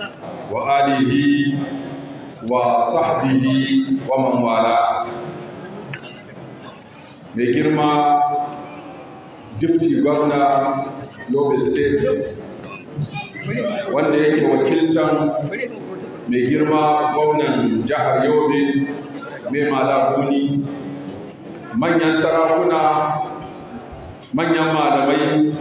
wa wa wa والاه mai girma deputy gwamna yobe state wanda yake wakiltan mai girma gwamnan jihar yobe mai malaguni manyan sarakuna manyan malamai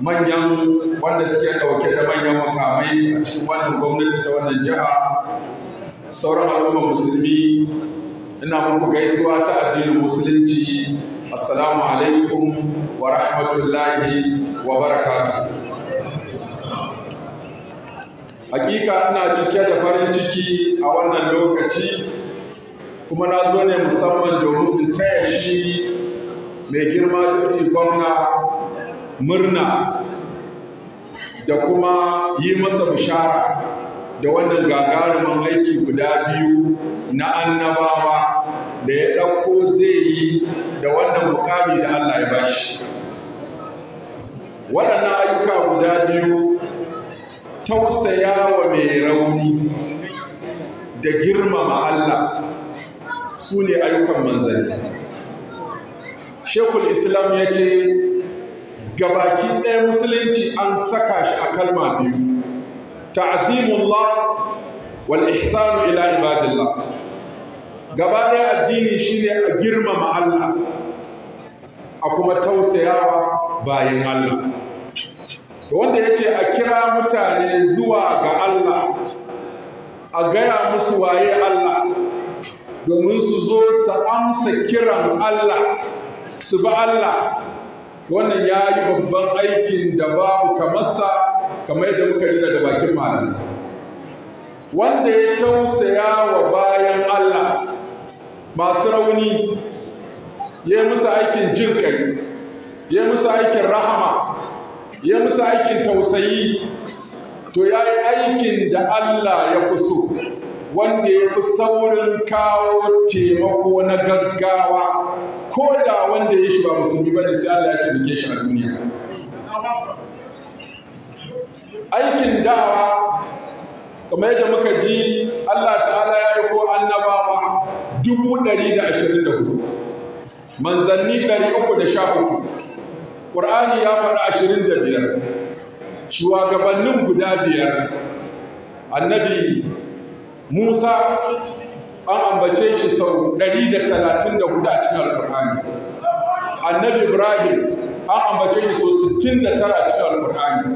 manyan wanda suke ɗauke da manyan makamai a cikin wannan gwamnati ta wannan jiha sauran al'ummar musulmi ina muku gaisuwa ta addinin musulunci assalamu alaikum wa rahmatullahi wa barakatu hakika ina cike da farin ciki a wannan lokaci kuma na zo ne musamman domin in taya shi mai girma duti gwamna murna da kuma yi masa bishara da wannan gagarumin aiki guda biyu na annabawa da ya ɗauko zai yi da wannan mukami da Allah ya bashi. Waɗannan ayyuka guda biyu tausaya wa mai rauni da girmama Allah su ne ayyukan manzanni. Shekul Islam ya ce, gabaki ɗaya musulunci an saka shi a kalma biyu ta'zimullah wal ihsanu ila ibadillah gaba ɗaya addini shine a girmama Allah a kuma tausayawa bayan Allah wanda ya ce a kira mutane zuwa ga Allah a gaya musu waye Allah domin su zo su amsa kiran Allah su ba Allah wannan ya yi babban aikin da babu kamarsa kamar da muka ji daga bakin malam wanda ya tausaya wa bayan Allah masu rauni ya yi musu aikin jin kai ya yi musu aikin rahama ya yi musu aikin tausayi to ya yi aikin da Allah ya fi so wanda ya fi saurin kawo taimako na gaggawa ko da wanda ya shiga ba musulmi ba ne sai Allah ya taimake shi a duniya aikin dawa kamar yadda muka ji Allah ta'ala ya aiko annabawa dubu ɗari da ashirin da hudu manzanni ɗari uku da sha uku ƙur'ani ya faɗa ashirin da biyar shugabannin guda biyar annabi Musa an ambace shi sau 134 a cikin alkur'ani annabi ibrahim an ambace shi sau 69 a cikin alkur'ani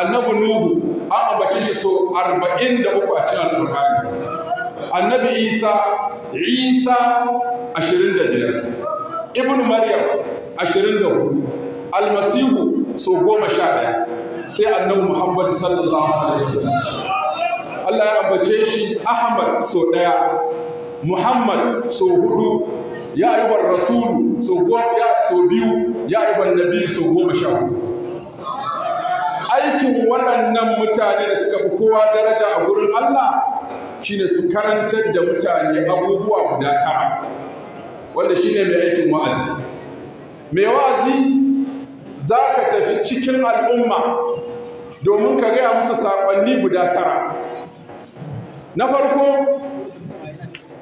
annabi nuhu an ambace shi sau 43 a cikin alkur'ani annabi isa isa 25 ibn maryam 24 almasihu sau 11 sai annabi muhammad sallallahu alaihi wasallam Allah ya ambace shi Ahmad so ɗaya, Muhammad so hudu, ya ibar Rasulu so goma so biyu, ya ibar Nabi so goma sha Aikin waɗannan mutane da suka fi kowa daraja a gurin Allah shine su karantar da mutane abubuwa guda tara, wanda shine mai aikin wa'azi. Mai wa'azi za ka tafi cikin al'umma domin ka gaya musu saƙonni guda tara na farko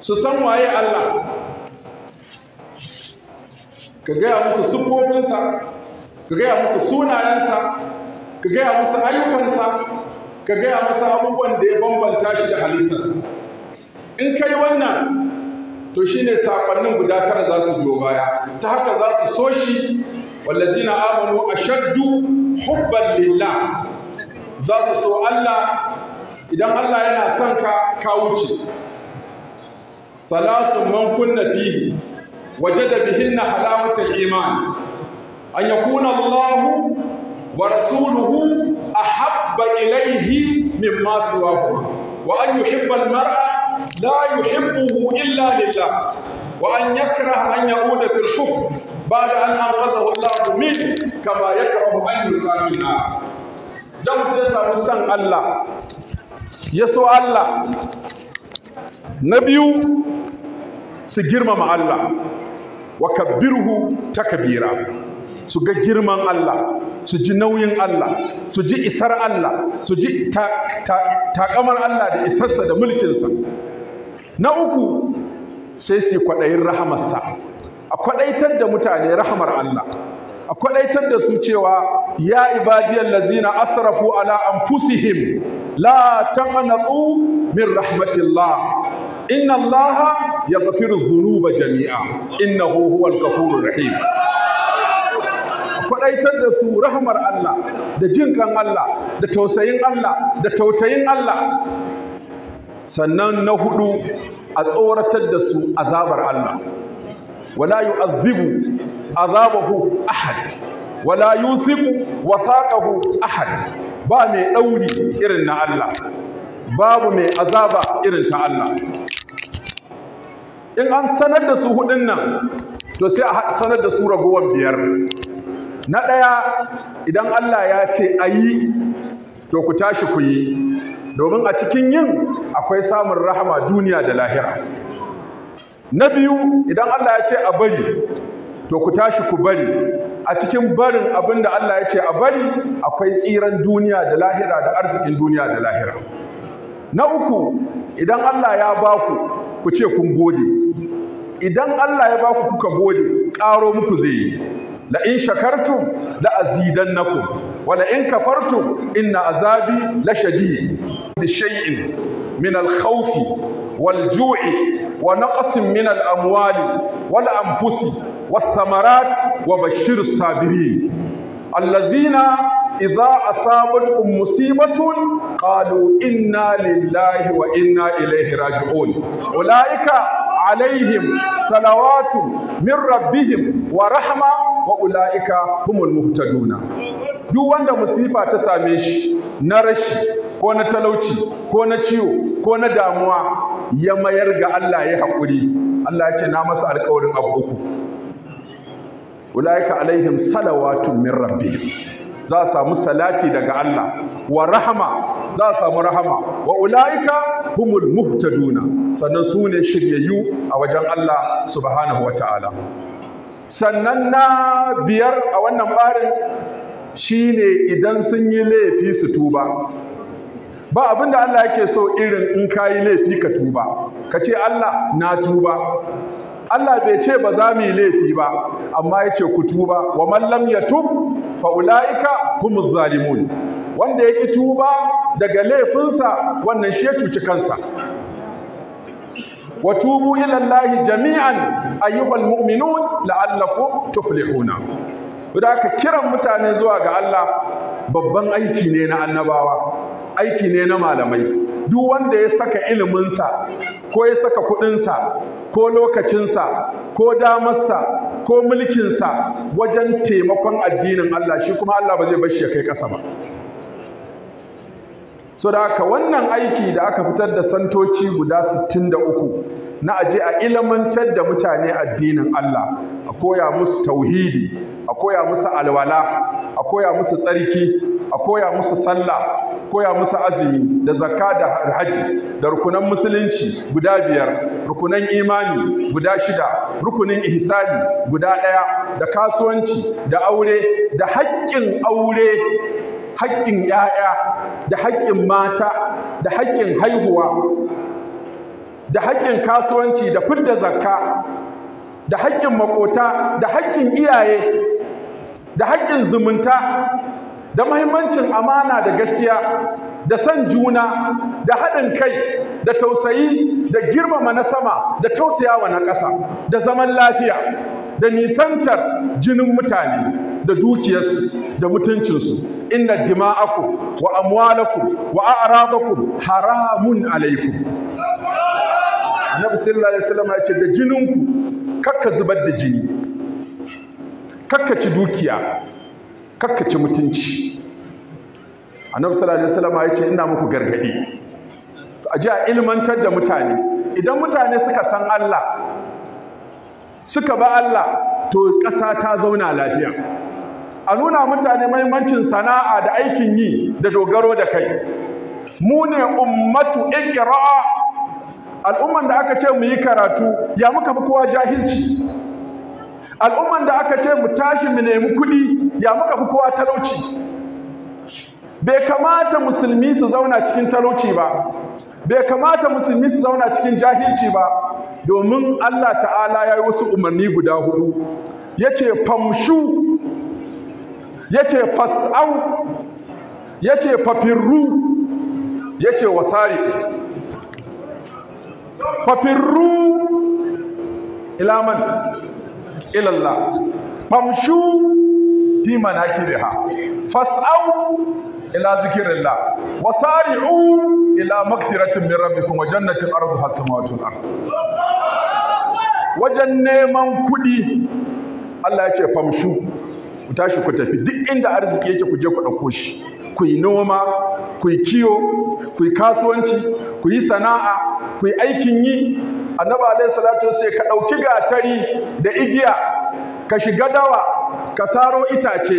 su san waye Allah ka gaya musu siffofinsa ka gaya musu sunayensa ka gaya musu ayyukansa ka gaya musu abubuwan da ya bambanta shi da halittarsa in kai wannan to shi ne saƙonnin guda tara za su biyo baya ta haka za su so shi wallazina amanu shaddu, hubban lillah za su so Allah idan Allah yana son ka ka wuce salasu man kunna fihi wajada bihinna halamatul iman an yakuna Allah wa rasuluhu ahabba ilayhi mimma siwahu wa an yuhibba al-mar'a la yuhibbuhu illa lillah wa an yakraha an yauda fil kufr ba'da an anqadhahu Allah min kama yakrahu an yuqamina dan mutum ya samu san Allah ya so Allah na biyu su girmama Allah wa kabbirhu takbira su ga girman Allah su ji nauyin Allah su ji isar Allah su ji takamar Allah da isarsa da mulkinsa na uku sai su kwaɗayin rahamarsa a kwaɗaitar da mutane rahamar Allah a kwadaitar da su cewa ya ibadiyar lazina asrafu ala anfusihim la taqnatu min rahmatillah inna ya yaghfiru zunuba jami'a innahu huwal ghafurur rahim kwadaitar da su rahmar Allah da jinkan Allah da tausayin Allah da tautayin Allah sannan na hudu a tsoratar da su azabar Allah wala yu'azzibu azabahu ahad wala yusiku wasaqahu ahad ba mai dauri irin na Allah babu mai azaba irin ta Allah in an sanar da su hudun nan to sai a sanar da su ragowar biyar na ɗaya idan Allah ya ce ayi yi to ku tashi ku yi domin a cikin yin akwai samun rahama duniya da lahira na biyu idan Allah ya ce a bari to ku tashi ku bari a cikin barin abin da Allah ya ce a bari akwai tsiran duniya da lahira da arzikin duniya da lahira na uku idan Allah ya baku ku ce kun gode idan Allah ya baku kuka gode ƙaro muku zai yi la in shakartum la azidannakum wa la in kafartum inna azabi la shadid bi shay'in min al-khawfi wal-ju'i wa naqsin min al-amwali wal anfusi wat thamarat wa bashir sabirin allazina idza asabatkum musibatun qalu inna lillahi wa inna ilaihi raji'un ulaika alaihim salawatu min rabbihim wa rahma wa ulaika humul muhtaduna duk wanda musifa ta same shi na rashi ko na talauci ko na ciwo ko na damuwa ya mayar ga Allah ya haƙuri Allah ya ce na masa alƙawarin abu uku ulaika alaihim salawatun min rabbi za a samu salati daga Allah wa rahama za a samu rahama wa ula'ika humul muhtaduna sannan su ne shiryayyu a wajen Allah subhanahu wata'ala sannan na biyar a wannan barin shine idan sun yi laifi su tuba ba abin da Allah yake so irin in ka yi laifi ka tuba ka ce Allah na tuba Allah bai ce ba za mu yi laifi ba amma ya ce ku tuba wa man lam yatub fa ulaika hum zalimun wanda ya ki tuba daga laifinsa wannan shi ya cuci kansa wa tubu ila Allah jami'an ayyuhal mu'minun la'allakum tuflihuna Saboda ka kiran mutane zuwa ga Allah babban aiki ne na annabawa aiki ne na malamai duk wanda ya saka iliminsa ko ya saka kuɗinsa ko lokacinsa ko damarsa ko mulkinsa wajen taimakon addinin Allah shi kuma Allah ba zai bar shi ya kai ƙasa ba so da haka wannan aiki da aka fitar da santoci guda sittin da uku, na aje a ilimantar da mutane addinin Allah a koya musu tauhidi a koya musu alwala a koya musu tsarki a koya musu sallah koya musu azumi da zakka da haji da rukunan musulunci guda biyar rukunan imani guda shida rukunin ihsani guda ɗaya da kasuwanci da aure da haƙƙin aure haƙƙin 'ya'ya da haƙƙin mata da haƙƙin haihuwa da haƙƙin kasuwanci da fidda zakka da haƙƙin makota da haƙƙin iyaye da haƙƙin zumunta da mahimmancin amana da gaskiya da san juna da haɗin kai da tausayi da girmama na sama da tausayawa na ƙasa da zaman lafiya da nisantar jinin mutane da dukiyarsu da mutuncinsu inna dima'akum wa amwalakum wa a'radakum haramun alaikum annabi sallallahu alaihi wasallam ya ce da jininku kakka zubar da jini kakka ci dukiya kakkace mutunci annabi sallallahu alaihi wasallam ya ce ina muku gargadi a a ilmantar da mutane idan mutane suka san Allah suka ba Allah to ƙasa ta zauna lafiya a nuna mutane mahimmancin sana'a da aikin yi da dogaro da kai mu ne ummatu iqra al'umman da aka ce mu yi karatu ya muka fi kowa jahilci al'umman da aka ce mu tashi mu nemi kuɗi ya muka fi kowa talauci bai kamata musulmi su zauna cikin talauci ba bai kamata musulmi su zauna cikin jahilci ba domin Allah ta'ala ya yi wasu umarni guda hudu ya ce famshu ya ce fas'au ya ce fafirru ya ce wasari fafirru ilaman ilallah famshu fi manakiriha fas'au ila zikirillah wasari'u ila maghfiratin min rabbikum wa jannatin arduha samawati wal wajen neman kuɗi Allah ya famshu ku tashi ku tafi duk inda arziki yake ku je ku ɗauko shi ku yi noma ku yi kiyo ku yi kasuwanci ku yi sana'a ku yi aikin yi annabi alaihi salatu sai ka ɗauki gatari da igiya ka shiga dawa ka saro itace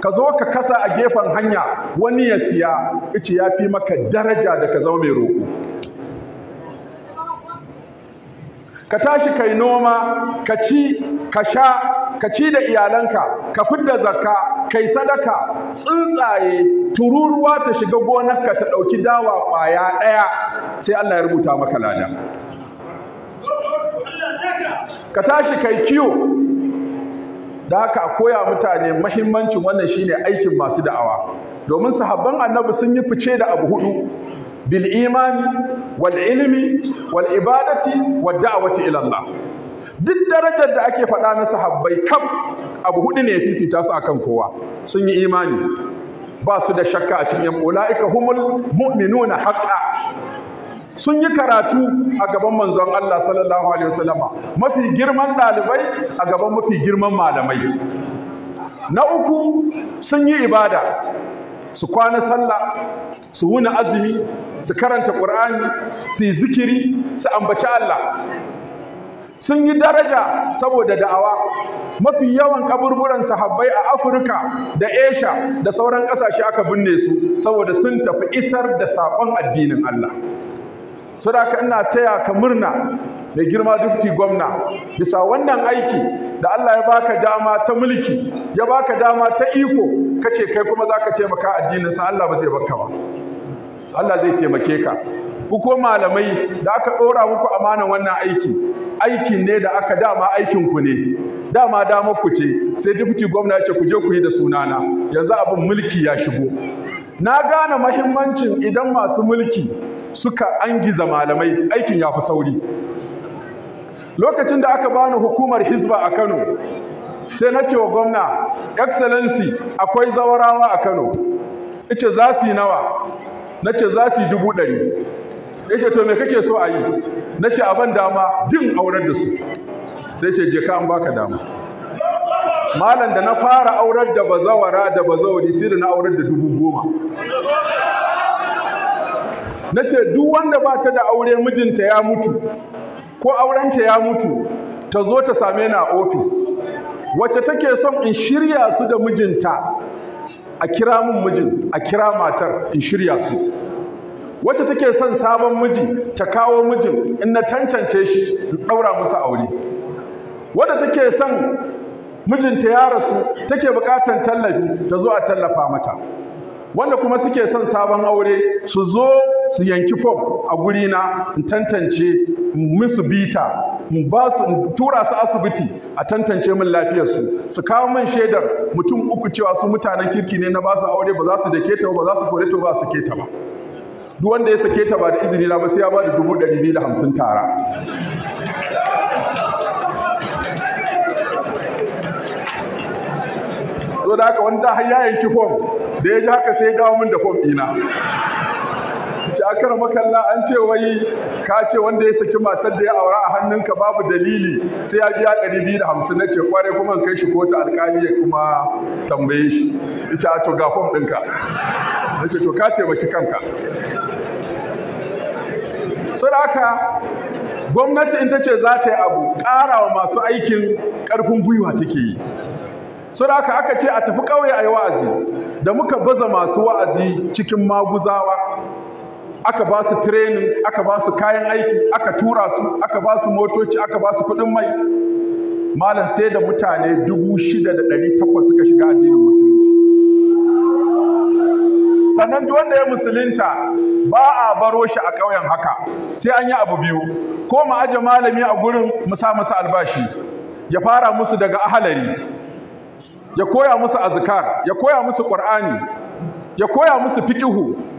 ka zo ka kasa a gefen hanya wani ya siya ice ya fi maka daraja da ka zama mai roƙo ka tashi kai noma ka ci ka sha ka ci da iyalanka ka fidda zakka ka yi sadaka tsuntsaye tururuwa ta shiga gonarka ta ɗauki dawa kwaya ɗaya sai Allah ya rubuta maka lada ka tashi kai kiwo. da haka a koya mutane mahimmancin wannan shine aikin masu da'awa domin sahabban annabi sun yi fice da abu hudu bil imani wal ilmi wal ibadati wad da'wati ila Allah duk darajar da ake faɗa na sahabbai kam abu hudu ne fifita su akan kowa sun yi imani ba su da shakka a cikin ula'ika humul mu'minuna haqqan sun yi karatu a gaban manzon Allah sallallahu alaihi wasallama mafi girman ɗalibai a gaban mafi girman malamai na uku sun yi ibada su kwana sallah su huna azumi su karanta qur'ani su yi zikiri su ambaci Allah sun yi daraja saboda da'awa mafi yawan kaburburan sahabbai a afirka da esha da sauran ƙasashe aka binne su saboda sun tafi isar da saƙon addinin allah sadaka ina taya ka murna mai girma dufti gwamna bisa wannan aiki da Allah ya baka dama ta mulki ya baka dama ta iko kace kai kuma zaka taimaka addinin sa Allah ba zai baka ba Allah zai taimake ka ku ko malamai da aka dora muku amanan wannan aiki aiki ne da aka dama aikin ku ne dama dama ku ce sai dufti gwamna ya ce ku je ku yi da sunana yanzu abin mulki ya shigo na gane mahimmancin idan masu mulki suka angiza malamai aikin ya fi sauri lokacin da aka bani hukumar hizba a kano sai na ce gwamna excellency akwai zawarawa a kano ita za su yi nawa na ce za su yi dubu ɗari ya ce to me kake so a yi na ce abin dama jin aurar da su sai ce jeka an baka dama malam da na fara aurar da bazawara da bazawari sai da na aurar da dubu goma na ce duk wanda ba ta da aure mijinta ya mutu ko aurenta ya mutu ta zo ta same ni a ofis wacce take son in shirya su da mijinta a kira min mijin a kira matar in shirya su wacce take son sabon miji ta kawo mijin in na tantance shi in ɗaura musu aure wadda take son mijinta ya rasu take buƙatar tallafi ta zo a tallafa mata wanda kuma suke son sabon aure su zo su yanki fom a gurina in tantance musu bita ba su tura su asibiti a tantance min lafiyar su su kawo min shaidar mutum uku cewa su mutanen kirki ne na ba su aure ba za su dake ta ba za su kore ta ba su ke ta ba duk wanda ya sake ta ba da izini na ba sai ya ba da dubu ɗari biyu da hamsin tara so da haka wanda har ya yanki fom da ya ji haka sai ya dawo min da fom ɗina ce akara makalla an ce wai ka ce wanda ya saki matar da ya aura a hannunka babu dalili sai ya biya ɗari biyu da hamsin na ce kware kuma kai shi kotu alƙali ya kuma tambaye shi ita a to ga fom ɗinka na ce to ka taimaki kanka da haka gwamnati in ta ce za ta yi abu ƙara wa masu aikin ƙarfin gwiwa take yi da haka aka ce a tafi ƙauye a yi wa'azi da muka baza masu wa'azi cikin maguzawa aka ba su training aka ba su kayan aiki aka tura su aka ba su motoci aka ba su kuɗin mai malam sai da mutane dubu shida da ɗari takwas suka shiga addinin musulunci sannan duk wanda ya musulunta ba a baro shi a ƙauyen haka sai an yi abu biyu ko mu aje malami a gurin mu sa masa albashi ya fara musu daga ahalari ya koya musu azkar ya koya musu qur'ani ya koya musu FiKiHu.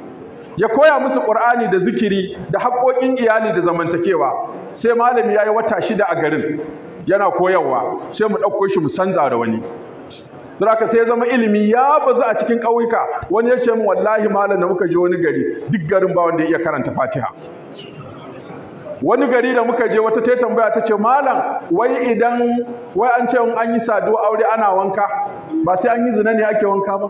ya koya musu ƙur'ani da zikiri da haƙoƙin iyali da zamantakewa sai malami ya yi wata shida a garin yana koyarwa sai mu ɗauko shi mu canza da wani Zuraka sai ya zama ilimi ya bazu a cikin ƙauyuka wani ya ce min wallahi malam da muka je wani gari duk garin ba wanda ya iya karanta Fatiha wani gari da muka je wata ta tambaya ta ce malam wai idan wai an ce an yi saduwa aure ana wanka ba sai an yi zina ne ake wanka ba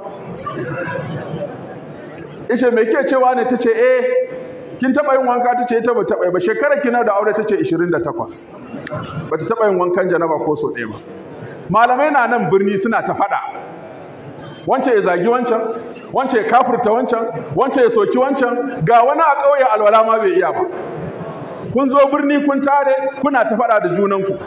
ishe mai ke cewa ne ta ce, e kin taba yin wanka ta ce ta ba taba ba shekara kina da aure ce 28 ta taba yin wankan janaba ko so ɗaya ba malamai na nan birni suna ta faɗa wance ya zagi wancan wance ya kafurta wancan wance ya soki wancan ga wani a ƙauye alwala ma bai iya ba kun zo birni kun tare kuna ta faɗa da junanku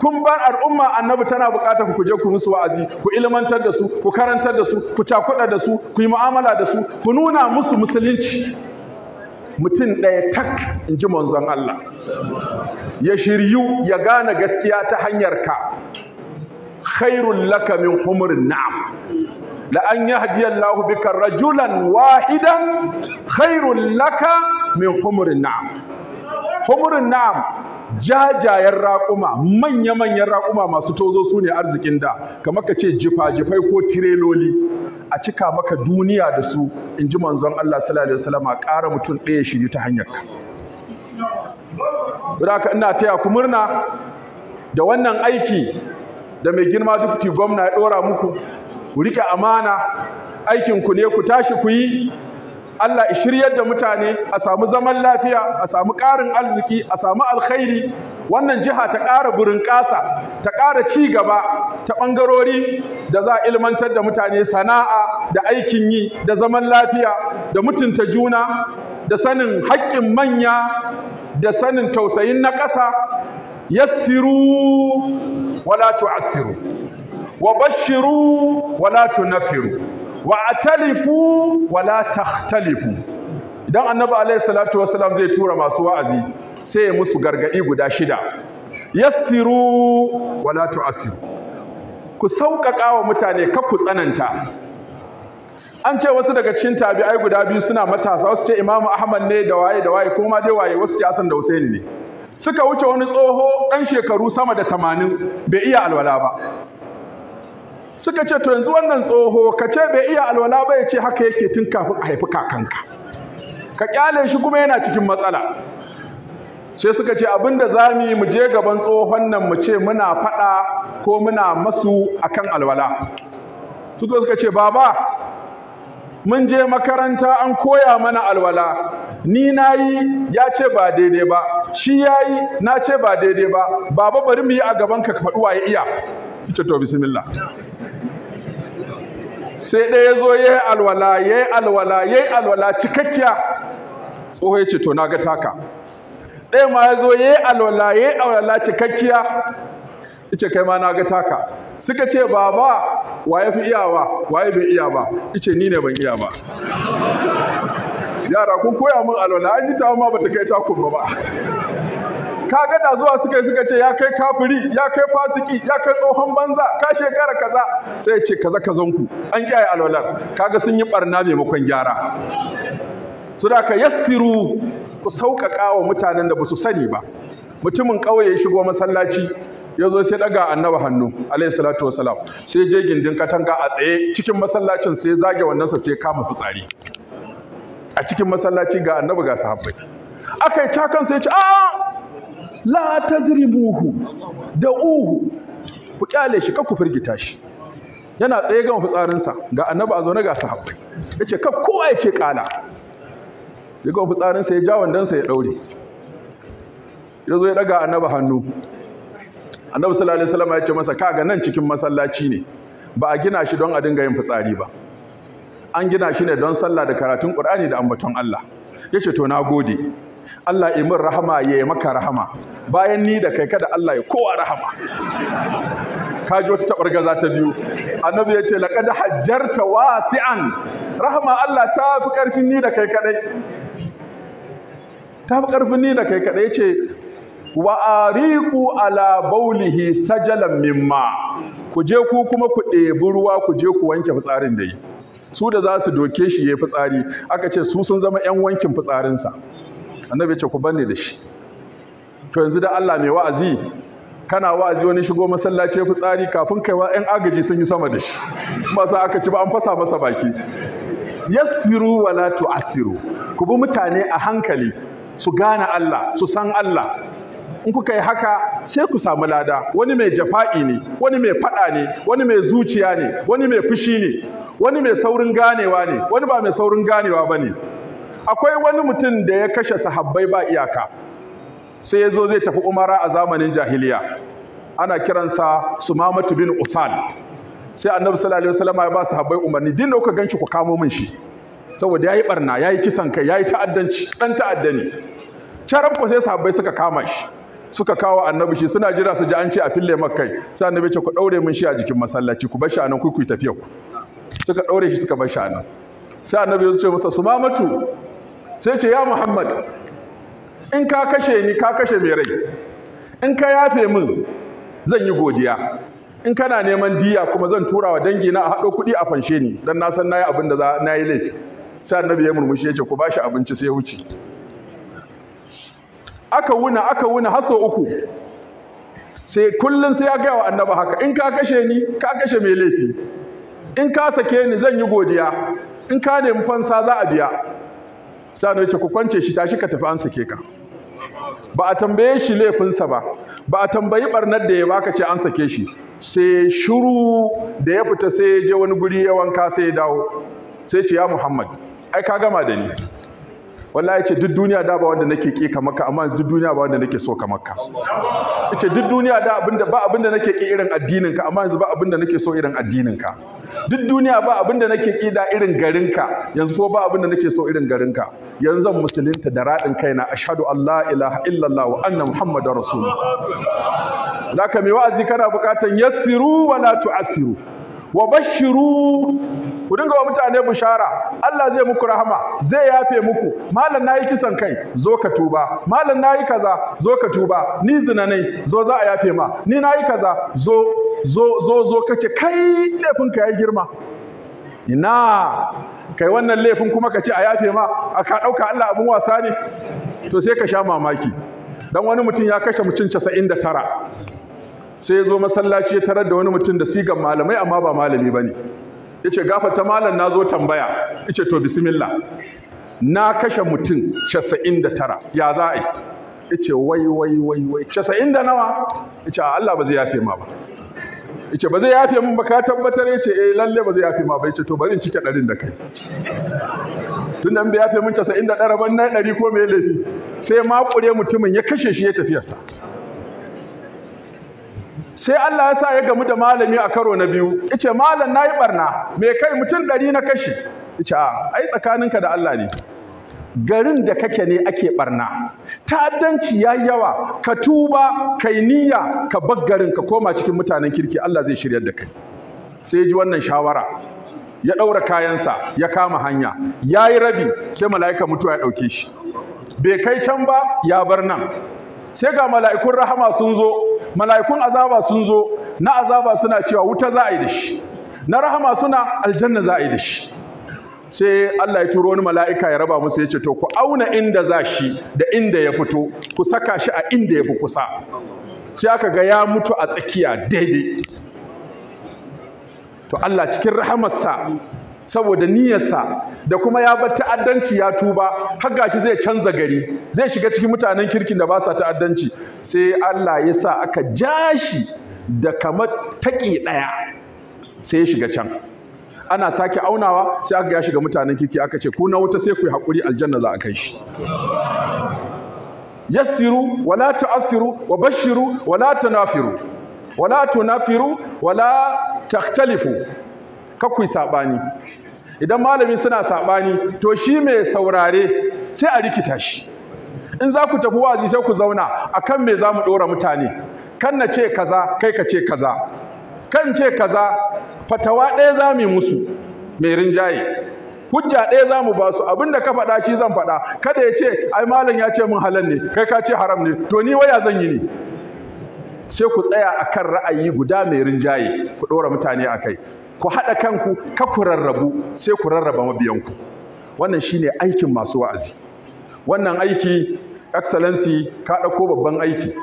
kun bar al'umma annabi tana buƙatar ku je ku musu wa'azi ku ilmantar da su ku karantar da su ku cakuɗa da su ku yi mu'amala da su ku nuna musu musulunci mutum ɗaya tak in ji manzon Allah ya shiryu ya gane gaskiya ta hanyar ka khairul laka min humurin na'am la an Allahu bika rajulan wahidan khairul laka min humurin na'am na'am jajayen raƙuma manya-manyan raƙuma masu tozo su ne arzikin da kamar ka ce jifa-jifai ko tireloli a cika maka duniya da su in ji manzon Allah sallallahu alaihi ƙara mutum ɗaya shiri ta hanyar ka. ka ina taya ku murna da wannan aiki da mai girma dukti gwamna ya ɗora muku, ku riƙe amana aikinku ne ku tashi ku yi Allah ya shiryar da mutane a samu zaman lafiya a samu ƙarin arziki a samu alkhairi wannan jiha ta ƙara burin ƙasa ta ƙara ci gaba ta ɓangarori da za a ilmantar da mutane sana'a da aikin yi da zaman lafiya da mutunta juna da sanin haƙƙin manya da sanin tausayin na ƙasa yassiru wala tu'assiru wa bashiru wala tunaffiru Wa wa'talifu wala tahtalifu idan annabi alaihi salatu salam zai tura masu wa'azi sai ya musu gargadi guda shida yassiru wala tu'assiru ku sauƙaƙa wa mutane kar ku tsananta an ce wasu daga cikin tabi'ai guda biyu suna matasa wasu ce imamu ahmad ne da waye da waye kuma dai waye wasu ce hasan da husaini ne suka wuce wani tsoho ɗan shekaru sama da tamanin bai iya alwala ba suka ce to yanzu wannan tsoho ka ce bai iya alwala ba ya ce haka yake tun kafin a haifi kakanka ka kyale shi kuma yana cikin matsala sai suka ce abinda za mu yi mu je gaban tsohon nan mu ce muna faɗa ko muna masu akan alwala suka suka ce baba mun je makaranta an koya mana alwala ni na yi ya ce ba daidai ba shi ya yi na ce ba daidai ba baba bari mu yi a gaban ka faɗuwa ya iya ce to bismillah sai ɗaya zo ya yi alwala ya yi alwala ya yi alwala cikakkiya tsoho ya ce to na ga taka ɗaya ma ya zo ya yi alwala ya yi alwala cikakkiya ice kai ma na ga taka suka ce baba waye fi iya ba? waye bai iya ba ice ni ne ban iya ba yara kun koya min alwala an ji ta ma bata kai takun ba kaga da zuwa suka suka ce ya kai kafiri ya kai fasiki ya kai tsohon banza ka shekara kaza sai ya ce kaza kazan ku an kiyaye alwalar kaga sun yi barna maimakon gyara su da ka yassiru ku sauƙaƙa wa mutanen da ba su sani ba mutumin ƙauye ya shigo masallaci ya zo sai daga annaba hannu alayhi salatu wasalam sai je gindin katanga a tsaye cikin masallacin sai zage sa sai kama fitsari a cikin masallaci ga annabi ga sahabbai aka yi cakan sai ce a la tazrimuhu da uhu ku kyale shi ku firgita shi yana tsaye gama fitsarinsa ga annaba a zaune ga sahabbai yace ka kowa ya ce kala ya gama fitsarinsa ya ja wandonsa ya daure ya zo ya daga annaba hannu annabi sallallahu alaihi wasallam ya ce masa kaga nan cikin masallaci ne ba a gina shi don a dinga yin fitsari ba an gina shi ne don sallah da karatun qur'ani da ambaton Allah yace to gode. Allah yi min rahama ya yi maka rahama bayan ni da kai kada Allah ya kowa rahama ka ji wata tabar gaza ta biyu annabi ya ce laqad hajjarta wasi'an rahama Allah ta fi karfin ni da kai kadai ta fi karfin ni da kai kadai ce wa ariku ala baulihi sajalan mimma ku je ku kuma ku ɗebi ruwa ku je ku wanke fitsarin da yi su da za su doke shi ya yi fitsari aka ce su sun zama 'yan wankin fitsarinsa annabi ce ku banne da shi to yanzu da Allah mai wa'azi kana wa'azi wani shigo masallaci fi tsari kafin kaiwa yan agaji sun yi sama da shi sa aka ci ba an fasa masa baki yassiru wala tu'assiru ku bi mutane a hankali su gane Allah su san Allah in kuka yi haka sai ku samu lada wani mai jafa'i ne wani mai faɗa ne wani mai zuciya ne wani mai fushi ne wani mai saurin ganewa ne wani ba mai saurin ganewa ba ne akwai wani mutum da ya kashe sahabbai ba iyaka sai ya zo zai tafi umara a zamanin jahiliya ana kiransa su Mamatu bin usal sai annabi sallallahu alaihi wasallam ya ba sahabbai umarni din da kuka ganci ku kamo min shi saboda yayi barna yayi kisan kai yayi ta'addanci dan ta'adda ne ku sai sahabbai suka kama shi suka kawo annabi shi suna jira su ji an ce a fille makai sai annabi ce ku daure min shi a jikin masallaci ku bar shi anan ku ku tafiya ku suka daure shi suka bar shi anan sai annabi ya ce masa mamatu sai ce ya muhammad in ka kashe ni ka kashe mai rai in ka yafe min zan yi godiya in kana neman diya kuma zan tura wa dangi na a haɗo kuɗi a fanshe ni don na san nayi abin da na yi laifi sai annabi ya murmushi ya ce ku bashi abinci sai wuce aka wuna aka wuna haso uku sai kullun sai ya gaya wa annabi haka in ka kashe ni ka kashe mai laifi in ka sake ni zan yi godiya in ka nemi fansa za a biya sa'an yace ku kwance shi tashi ka tafi an sake ka ba a tambaye shi laifinsa ba ba a tambayi barnar da ya baka ce an sake shi sai shiru da ya fita sai ya je wani guri ya wanka sai ya dawo sai ce ya Muhammad ai ka gama da ni wallahi yace duk duniya da ba wanda nake ki ka maka amma duk duniya ba wanda nake so ka maka yace duk duniya da abinda ba abinda nake ki irin addinin ka amma yanzu ba abinda nake so irin addinin ka duk duniya ba abinda nake ki da irin garin ka yanzu ko ba abinda nake so irin garin ka yanzu zan musulunta da radin kaina ashhadu an ilaha illallah wa anna muhammadar rasulullah laka mai wa'azi kana bukatan yassiru wa la tu'assiru wa bashiru ku dinga wa mutane bishara Allah zai muku rahama zai yafe muku malam nayi kisan kai zo ka tuba malam nayi kaza zo ka tuba ni zinanai zo za a yafe ma ni nayi kaza zo zo zo zo kace kai laifin ka yayi girma ina kai wannan laifin kuma ka ce a yafe ma a ka dauka Allah abun wasa ne to sai ka sha mamaki dan wani mutum ya kashe mutum 99 sai ya zo masallaci ya tarar da wani mutum da sigan malamai amma ba malami ba ne. ya ce gafata malam na zo tambaya ce to bismillah na kashe mutum casa'in da tara. ya za a yi ce wai wai wai wai casa'in da nawa Ya ce Allah ba zai yafe ma ba Ya ce ba zai yafe min ba ka tabbatar ya ce, eh lalle ba zai yafe ma ba ce to bari in cike ɗarin da kai tun bai yafe min 91 ban na ɗari ko mai laifi sai ma kure mutumin ya kashe shi ya tafiyarsa sai Allah ya sa ya gamu da malami a karo na biyu Ice malam nayi barna me kai mutum ɗari na kashi yace a ai tsakaninka da Allah ne garin da kake ne ake barna ta'addanci yayi yawa ka tuba kai niyya ka bar garin ka koma cikin mutanen kirki Allah zai shiryar da kai sai ji wannan shawara ya ɗaura kayansa ya kama hanya yayi rabi sai mala'ika mutuwa ya ɗauke shi bai kai can ba ya bar nan sai ga mala'ikun rahama sun zo mala'ikun azaba sun zo na azaba suna cewa wuta za a yi da shi na rahama suna aljanna za a yi da shi sai Allah ya turo wani mala'ika ya raba musu ya ce to ku auna inda za shi da inda ya fito ku saka shi a inda ya fi kusa sai aka ga ya mutu a tsakiya daidai to Allah cikin rahamarsa saboda niyyarsa da kuma ya bar ta'addanci ya tuba har gashi zai canza gari zai shiga cikin mutanen kirkin da ba sa ta'addanci sai Allah ya sa aka ja shi da kamar taƙi ɗaya sai ya shiga can ana sake aunawa sai aka ya shiga mutanen kirki aka ce ku na wuta sai ku yi haƙuri aljanna za a kai shi yassiru wala tu'assiru wa bashiru wala tunafiru wala tunafiru wala takhtalifu kakku yi saɓani idan malami suna saɓani to shi mai saurare sai a rikita shi in za ku tafi wazi sai ku zauna a kan me za mu ɗora mutane kan na ce kaza kai ka ce kaza kan ce kaza fatawa ɗaya za mu yi musu mai rinjaye hujja ɗaya za mu ba su abin da ka faɗa shi zan faɗa kada ya ce ai malam ya ce min halal ne kai ka ce haram ne to ni waya zan yi ne sai ku tsaya akan ra'ayi guda mai rinjaye ku ɗora mutane a kai ku haɗa kanku ka ku rarrabu sai ku rarraba mabiyanku wannan shine aikin masu wa'azi wannan aiki excellency ka ɗauko babban aiki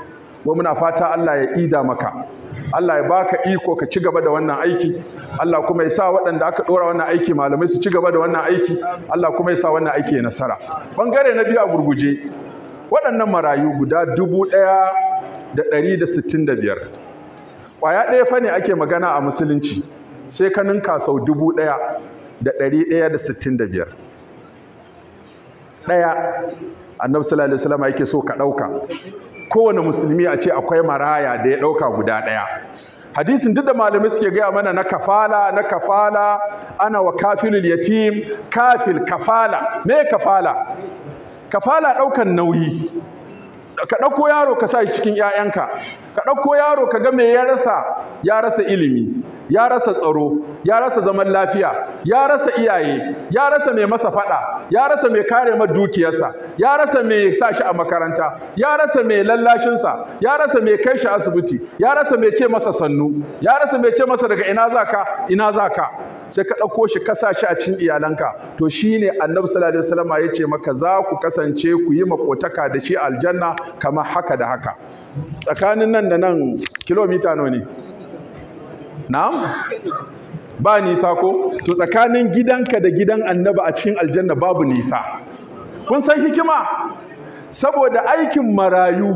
wa muna fata Allah ya ida maka Allah ya baka iko ka ci gaba da wannan aiki Allah kuma ya sa waɗanda aka ɗora wannan aiki malamai su ci gaba da wannan aiki Allah kuma ya sa wannan aiki ya nasara bangare na biyu a gurguje waɗannan marayu guda dubu ɗaya da ɗari da sittin da biyar ƙwaya ɗaya fa ne ake magana a musulunci sai ka ninka sau dubu ɗaya da ɗari ɗaya da sittin da biyar ɗaya annabi sallallahu alaihi wasallam yake so ka ɗauka kowane musulmi a ce akwai maraya da ya ɗauka guda ɗaya hadisin duk da malamai suke gaya mana na kafala na kafala ana wa kafilul yatim kafil kafala me kafala kafala ɗaukan nauyi ka ɗauko yaro ka sa shi cikin 'ya'yanka ka ɗauko yaro ka ga me ya rasa ya rasa ilimi ya rasa tsaro ya rasa zaman lafiya ya rasa iyaye ya rasa mai masa faɗa ya rasa mai kare ma dukiyarsa ya rasa mai sa shi a makaranta ya rasa mai lallashinsa ya rasa mai kai shi asibiti ya rasa mai ce masa sannu ya rasa mai ce masa daga ina za ka ina za ka sai ka ɗauko shi ka sa shi a cikin iyalanka to shine annabi sallallahu alaihi wasallam ya ce maka za ku kasance ku yi makotaka da shi aljanna kamar haka da haka tsakanin nan da nan kilomita nawa ne na'am ba nisa ko to tsakanin gidanka da gidan annabi a cikin aljanna babu nisa kun san hikima saboda aikin marayu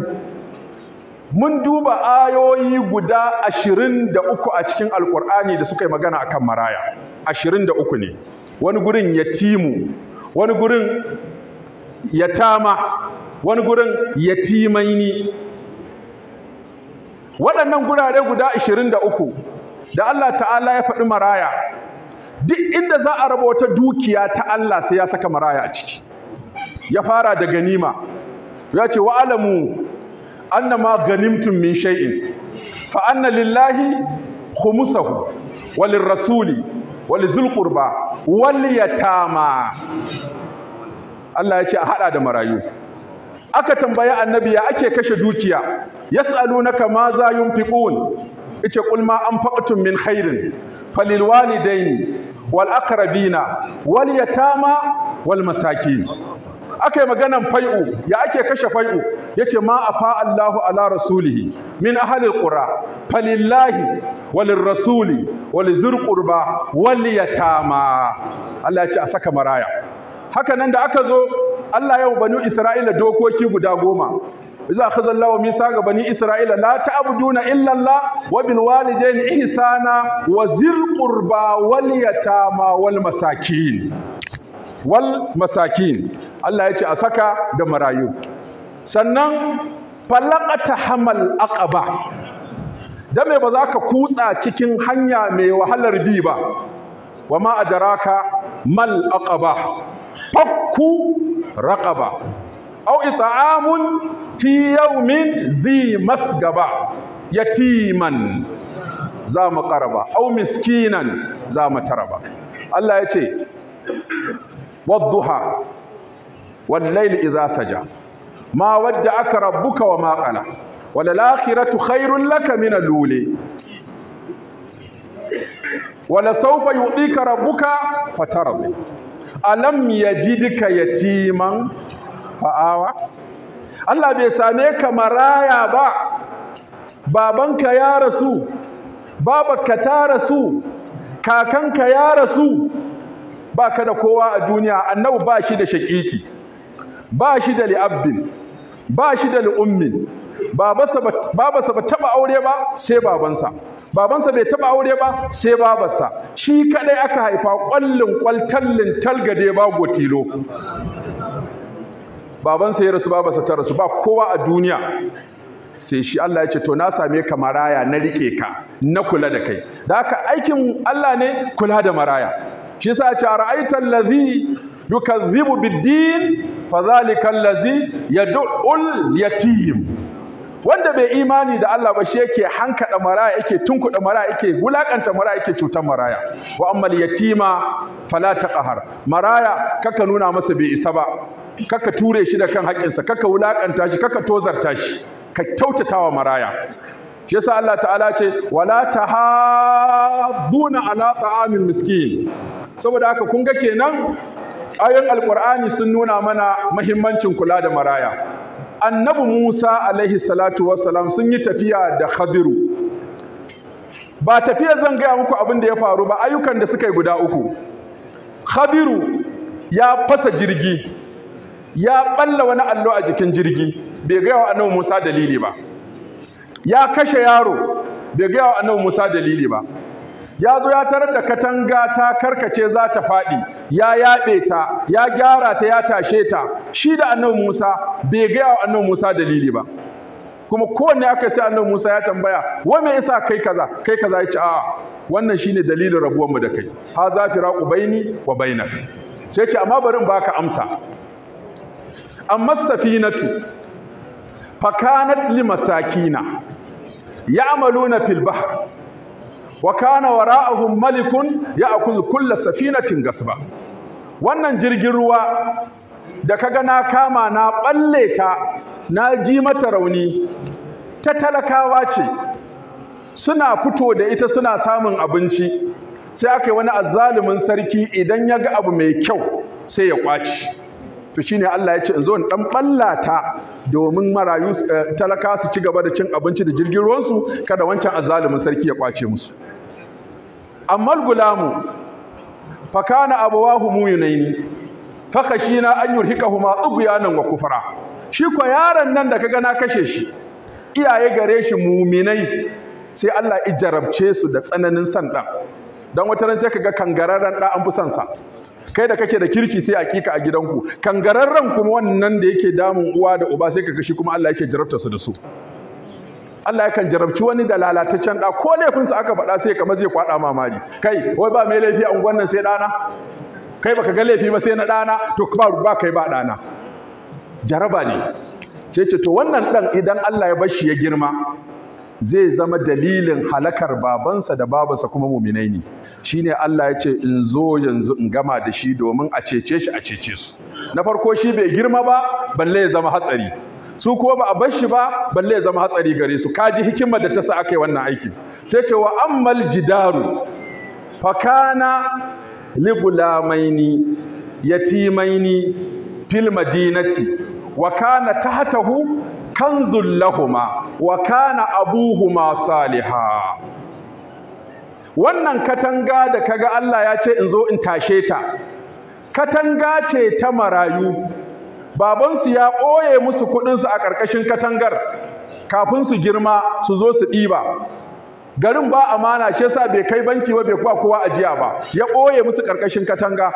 mun duba ayoyi guda ashirin da uku a cikin Alƙur'ani da suka yi magana a kan maraya ashirin da uku ne wani gurin yatimu wani gurin yatama wani gurin yatimaini waɗannan gurare guda ashirin da uku da Allah ta'ala ya faɗi maraya duk inda za a raba wata dukiya ta Allah sai ya saka maraya a ciki ya fara da ganima ya ce wa'alamu annama ganimtum min shay'in fa anna lillahi khumsahu walir rasuli walizul qurba wal yatama Allah ya ce a hada da marayu aka tambayi annabi ya ake kashe dukiya yas'alunaka ma za yunfiqun ice qul ma anfaqtum min khairin falil walidaini wal aqrabina wal yatama wal masakin aka yi maganan fai'u ya ake kashe fai'u Ya ce ma afa Allahu ala rasulihi min ahlil ƙura. falillahi walil rasuli walizur qurba ya tama. Allah ya ce a saka maraya haka nan da aka zo Allah yau Bani Isra'ila dokoki guda goma iza akhadha Allahu misaqa bani Isra'ila la ta'buduna illa Allah wa bil walidayni ihsana wa zil qurba wal yatama wal masakin wal masakin Allah ya ce a saka da marayu sannan falaƙata hamal aqaba da me ba za ka kutsa cikin hanya mai wahalar bi ba wa ma adraka mal aqaba fakku raqaba aw it'amun fi yawmin zi masgaba yatiman za mu qaraba aw miskinan za mu taraba Allah ya ce والضحى والليل إذا سجى ما ودعك ربك وما قلى وللآخرة خير لك من الأولى ولسوف يعطيك ربك فترضى ألم يجدك يتيما فآوى Allah bai same ka maraya ba babanka ya rasu babarka ta rasu kakanka ya rasu ba ka da kowa a duniya annabu ba shi da shaƙiƙi ba shi da li'abdin ba shi da li'ummin babansa ba taɓa aure ba sai babansa babansa bai taɓa aure ba sai babarsa shi kaɗai aka haifa ƙwallin ƙwaltallin talgade ba gotilo babansa ya rasu babarsa ta rasu ba kowa a duniya sai shi Allah ya ce to na same ka maraya na rike ka na kula da kai da haka aikin Allah ne kula da maraya shi yasa ce ara'aita allazi yukazzibu bid-din fa zalika allazi yad'ul yatim wanda bai imani da Allah ba shi yake hankada maraya yake tunkuɗa maraya yake wulakanta maraya yake cutar maraya wa ammal yatima fala taqhar maraya kaka nuna masa bai isa ba kaka ture shi da kan haƙƙinsa kaka wulakanta shi kaka tozarta shi ka kyautatawa maraya shi yasa Allah ta'ala ce wala tahabuna ala ta'amil miskin saboda haka kun ga kenan ayoyin alqur'ani sun nuna mana muhimmancin kula da maraya annabi Musa alaihi salatu wassalam sun yi tafiya da Khadiru ba tafiya zan gaya muku abin da ya faru ba ayyukan da suka yi guda uku Khadiru ya fasa jirgi ya balla wani allo a jikin jirgi bai gaya wa annabi Musa dalili ba ya kashe yaro bai gaya wa annabi Musa dalili ba ya zo ya tarar da katanga ta karkace za ta faɗi ya yaɓe ta ya gyara ta ya tashe ta shi da annabi Musa bai gaya wa annabi Musa dalili ba kuma kowanne aka sai annabi Musa ya tambaya wa me yasa kai kaza kai kaza ya ce awa wannan shine dalilin rabuwar mu da kai ha za firaqu baini wa bainak sai ce amma bari in baka amsa amma safinatu fakanat limasakina ya'maluna fil bahr wa kana wara'ahum malikun ya'khudhu kull safinatin gasba wannan jirgin ruwa da kaga na kama na balle ta na ji mata rauni ta talakawa ce suna fito da ita suna samun abinci sai aka yi wani azzalumin sarki idan ya ga abu mai kyau sai ya kwaci to shine Allah ya ce in zo in dan ballata domin marayu eh, talaka su ci gaba da cin abinci da jirgin ruwansu kada wancan azzalumin sarki ya kwace musu amma gulamu fakana abawahu muyunaini fakashina an yurhikahuma ubyanan wa kufra shi ko yaron nan da kaga na kashe shi iyaye gare shi muminai sai Allah ijarabce su da tsananin san dan dan wata sai kaga kangararan da an fi son sa kai da kake da kirki sai hakika a gidanku kangararren kuma wannan da yake damun uwa da uba sai ka kashi kuma Allah yake jarabta da su Allah yakan jarabci wani da lalataccen da ko laifin su aka faɗa sai kamar zai kwada mamari kai wai ba mai laifi a unguwan sai ɗana kai baka ga laifi ba sai na dana to ba kai ba dana jaraba ne sai ce to wannan dan idan Allah ya bar shi ya girma zai zama dalilin halakar babansa da babansa kuma muminai ne shine Allah ya ce in zo yanzu in gama da shi domin a cece shi a cece su na farko shi bai girma ba balle ya zama hatsari su kuma ba a bar shi ba balle ya zama hatsari gare su kaji hikimar da ta sa aka yi wannan aikin sai ce wa ammal jidaru fakana ligulamaini yatimaini fil madinati wa kana tahtahu kanzul lahuma wa kana abuhuma saliha wannan katanga da kaga Allah ya ce in zo in tashe ta katanga ce ta marayu babansu ya ɓoye musu kuɗinsu a ƙarƙashin katangar kafin su girma su zo su ɗiba garin ba amana shi yasa bai kai banki ba bai kuwa kowa ajiya ba ya ɓoye musu ƙarƙashin katanga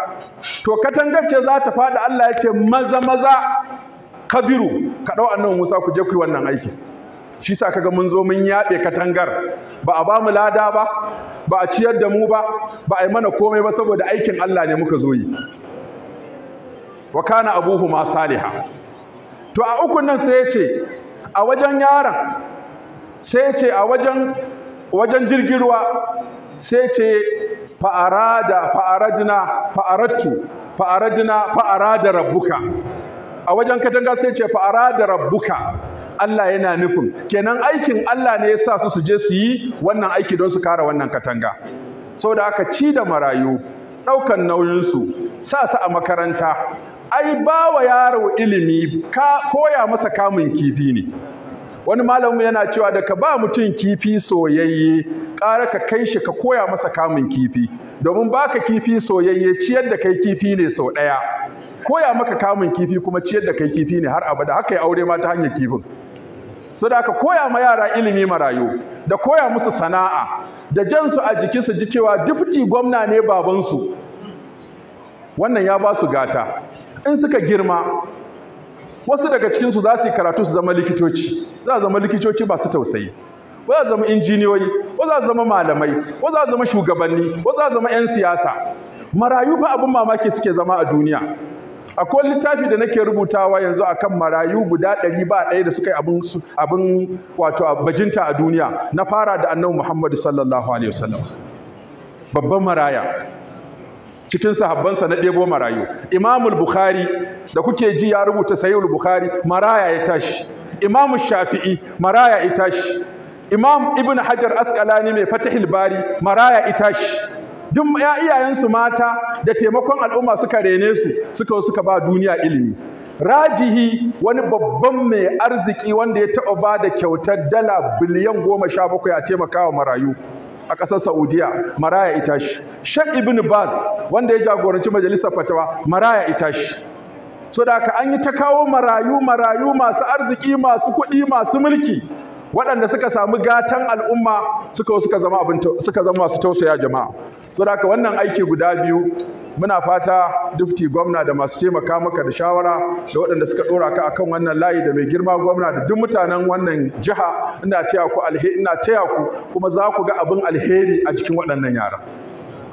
to katangar ce za ta faɗi Allah ya ce maza maza kabiru ka ɗau annabi musa ku je ku yi wannan aiki shi sa kaga mun zo mun yaɓe katangar ba a ba mu lada ba ba a ciyar da mu ba ba a yi mana komai ba saboda aikin allah ne muka zo yi wa kana abuhuma saliha to a ukun nan sai ya ce a wajen yaron sai ce a wajen wajen jirgin ruwa sai ce fa'arada fa'aradna fa'aradtu fa'aradna fa'arada rabbuka a wajen katanga sai ce fa arada rabbuka Allah yana nufin kenan aikin Allah ne ya sa su su je su yi wannan aiki don su kare wannan katanga saboda aka ci da marayu ɗaukan nauyinsu sa su a makaranta ai ba wa yaro ilimi ka koya masa kamun kifi ne wani malamin yana cewa da ka ba mutum kifi soyayye ƙara ka kai shi ka koya masa kamun kifi domin baka kifi soyayye ciyar da kai kifi ne sau ɗaya koya maka kamun kifi kuma ciyar da kai kifi ne har abada haka ya aure ma ta hanyar kifin so da aka koya ma yara ilimi marayu da koya musu sana'a da jan su a jikinsu ji cewa dufti gwamna ne babansu wannan ya ba su gata in suka girma wasu daga cikinsu za su yi karatu su zama likitoci za zama likitoci ba su tausayi wasu za zama injiniyoyi wasu za zama malamai wasu za zama shugabanni wasu za zama 'yan siyasa marayu ba abin mamaki suke zama a duniya akwai littafi da nake rubutawa yanzu akan marayu guda ɗari ba ɗaya da suka yi abin wato bajinta a duniya na fara da annabi Muhammadu sallallahu alaihi wasallam babban maraya cikin sahabbansa na ɗebo marayu imamul bukhari da kuke ji ya rubuta Sayyidul bukhari maraya ya tashi imamu shafi'i maraya ya tashi imam ibn hajar Askalani mai fatihul bari maraya ya tashi duk ya iyayensu mata da taimakon al'umma suka rene su suka suka ba duniya ilimi rajihi wani babban mai arziki wanda ya taɓa ba da kyautar dala biliyan goma sha bakwai a taimakawa marayu a ƙasar Saudiya maraya itashi Sheikh Ibn Baz wanda ya jagoranci majalisar fatawa maraya itashi so da an yi ta kawo marayu marayu masu arziki masu kuɗi masu mulki waɗanda suka samu gatan al'umma suka suka suka zama masu tausaya jama'a saboda wannan aiki guda biyu muna fata dufti gwamna da masu taimaka maka da shawara da waɗanda suka ɗora ka akan wannan layi da mai girma gwamna da duk mutanen wannan jiha ina taya ku alheri ina taya ku kuma za ku ga abin alheri a cikin waɗannan yara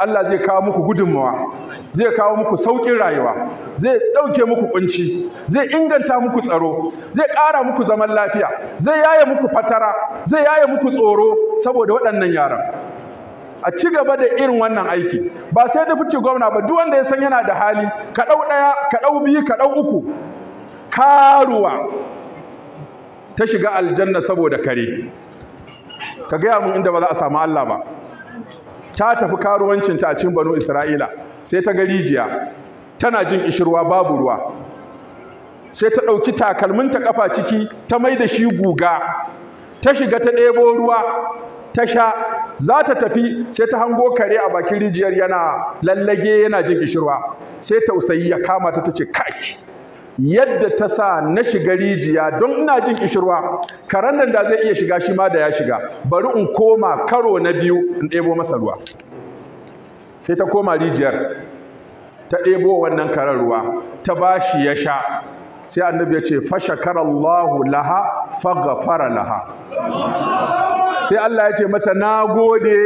Allah zai kawo muku gudunmawa zai kawo muku sauƙin rayuwa zai ɗauke muku kunci zai inganta muku tsaro zai ƙara muku zaman lafiya zai yaye muku fatara zai yaye muku tsoro saboda waɗannan yaran a ci gaba da irin wannan aiki ba sai da fice gwamna ba duk wanda ya san yana da hali ka ɗau ɗaya ka ɗau biyu ka ɗau uku karuwa ta shiga aljanna saboda kare ka gaya mun inda ba za a samu Allah ba ta tafi karuwancinta a cikin banu Isra'ila sai ta ga rijiya tana jin ishirwa babu ruwa sai ta ɗauki ta kafa ciki ta mai da shi guga ta shiga ta ɗebo ruwa ta sha za ta tafi sai ta hango kare a bakin rijiyar yana lallage yana jin kishirwa sai tausayi ya kama ta ta ce kai yadda ta sa na shiga rijiya don ina jin kishirwa karen nan da zai iya shiga shi ma da ya shiga bari in koma karo na biyu in ɗebo masa ruwa sai ta koma rijiyar ta ɗebo wannan karen ruwa ta shi ya sha sai annabi ya ce fashakarallahu laha faghfara laha sai Allah ya ce mata na gode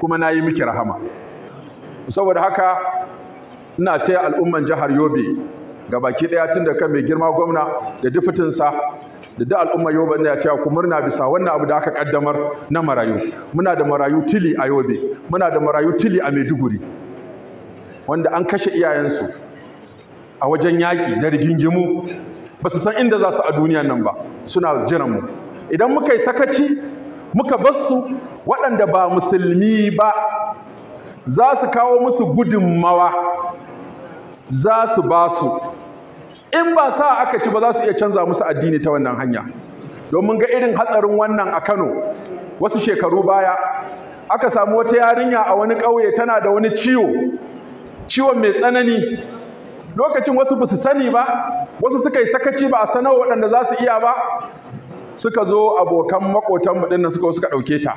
kuma na yi miki rahama saboda haka ina taya al'umman jihar yobe ga baki daya tun da kan mai girma gwamna da dufutinsa da da al'umma yobe ya taya ku murna bisa wannan abu da aka kaddamar na marayu muna da marayu tili a yobe muna da marayu tili a maiduguri wanda an kashe iyayensu a wajen yaƙi da rigingimu ba su san inda za su a duniyan nan ba suna jiranmu idan muka yi sakaci muka bar su waɗanda ba musulmi ba za su kawo musu gudunmawa za su ba su in ba sa aka ci ba za su iya canza musu addini ta wannan hanya domin ga irin hatsarin wannan a Kano wasu shekaru baya aka samu wata yarinya a wani ƙauye tana da wani ciwo ciwon mai tsanani lokacin wasu ba su sani ba wasu suka yi sakaci ba a sanar waɗanda za su iya ba suka zo abokan makotan mu dinnan suka suka ɗauke ta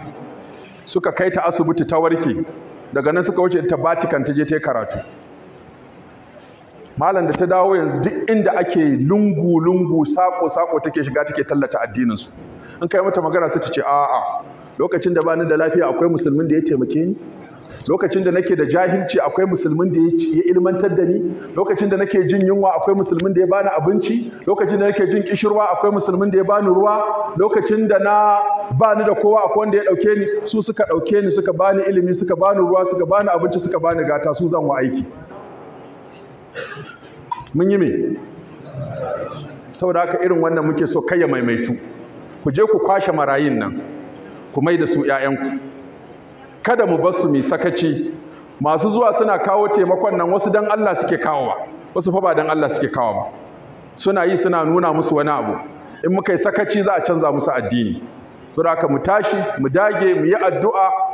suka kai ta asibiti ta warke daga nan suka wuce ta batikan ta je ta karatu malam da ta dawo yanzu duk inda ake lungu lungu saƙo-saƙo sako take shiga take tallata addinin su in kai mata magana sai ta ce a'a lokacin da bani da lafiya akwai musulmin da ya taimake ni lokacin da nake da jahilci akwai musulmin da ya ilmantar da ni lokacin da nake jin yunwa akwai musulmin da ya bani abinci lokacin da nake jin kishirwa akwai musulmin da ya bani ruwa lokacin da na bani da kowa akwai wanda ya dauke ni su suka dauke ni suka bani ilimi suka bani ruwa suka bani abinci suka bani gata su zan wa aiki mun yi me saboda haka irin wannan muke so kai ya maimaitu ku je ku kwashe marayin nan ku mai da su 'ya'yanku kada mu basu su sakaci masu zuwa suna kawo taimakon nan wasu dan Allah suke ba wasu fa ba dan Allah suke kawo ba suna yi suna nuna musu wani abu in muka yi sakaci za a canza musu addini to da mu tashi mu dage mu yi addu'a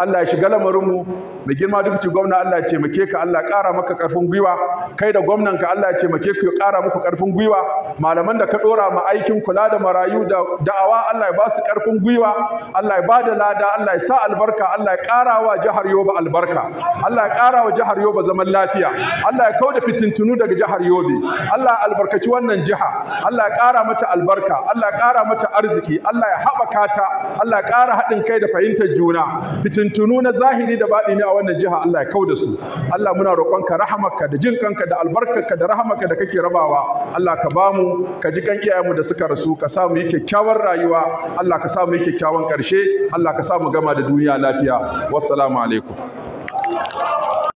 Allah ya shiga mu. mai girma duk ci gwamna Allah ya taimake ka Allah ƙara maka ƙarfin gwiwa kai da gwamnan ka Allah ya taimake ku ya ƙara muku ƙarfin gwiwa malaman da ka ɗora ma aikin kula da marayu da da'awa Allah ya ba su ƙarfin gwiwa Allah ya ba da lada Allah ya sa albarka Allah ya ƙara wa jihar Yobe albarka Allah ya ƙara wa jihar Yobe zaman lafiya Allah ya kauda fitintunu daga jihar Yobe Allah ya albarkaci wannan jiha Allah ya ƙara mata albarka Allah ya ƙara mata arziki Allah ya haɓaka ta Allah ya ƙara haɗin kai da fahimtar juna fitin fitintunu na zahiri da baɗi ne a wannan jiha Allah ya kau da su Allah muna roƙonka rahamarka da jin kanka da albarkarka da rahamarka da kake rabawa Allah ka bamu ka ji kan iyayenmu da suka rasu ka sa mu yi kyakkyawan rayuwa Allah ka sa mu yi kyakkyawan ƙarshe Allah ka sa mu gama da duniya lafiya wassalamu alaikum